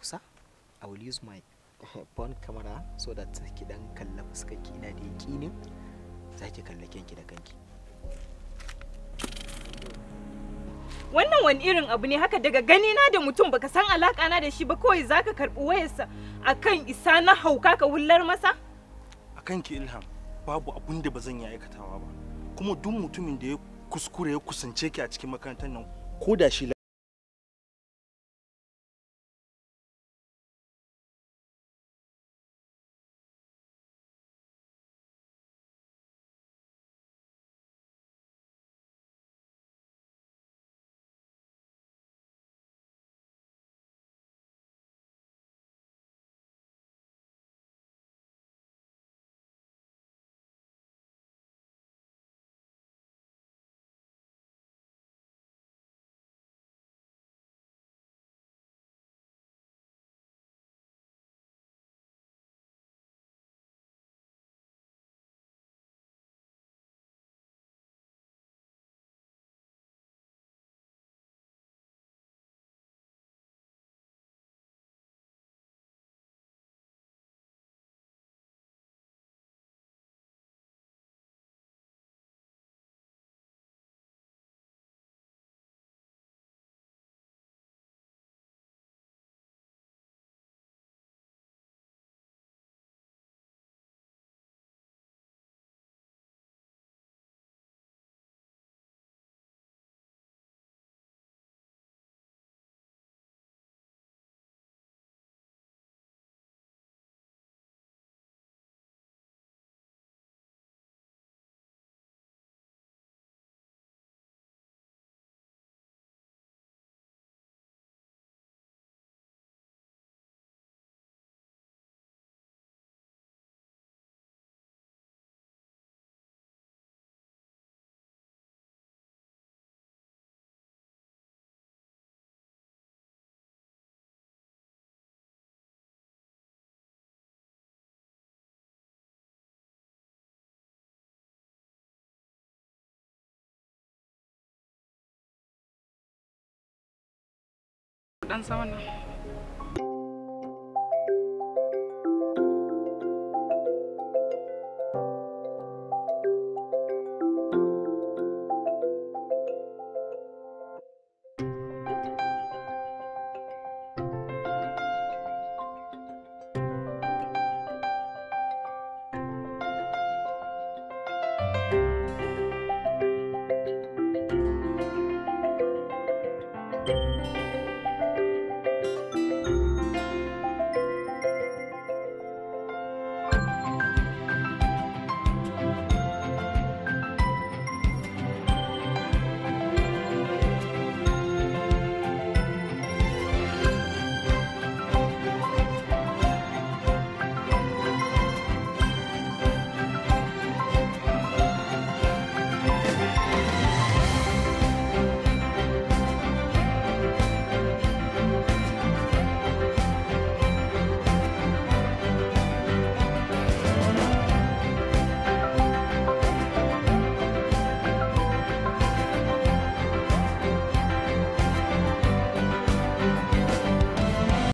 kusa i will use my phone camera so that ki dan kalla fuskarki ina da yakinin za ki kalla kanki da kanki wannan wani irin abu ne haka daga gani na da mutum baka san alaka na da shi ba kawai zaka karbi wayarsa akan isa na hauka ka wullar masa akan ki ilham babu abun da ba zan yi aikatawa ba kuma duk mutumin da ya kuskure ya kusance ki a cikin makarantar nan ko da shi dan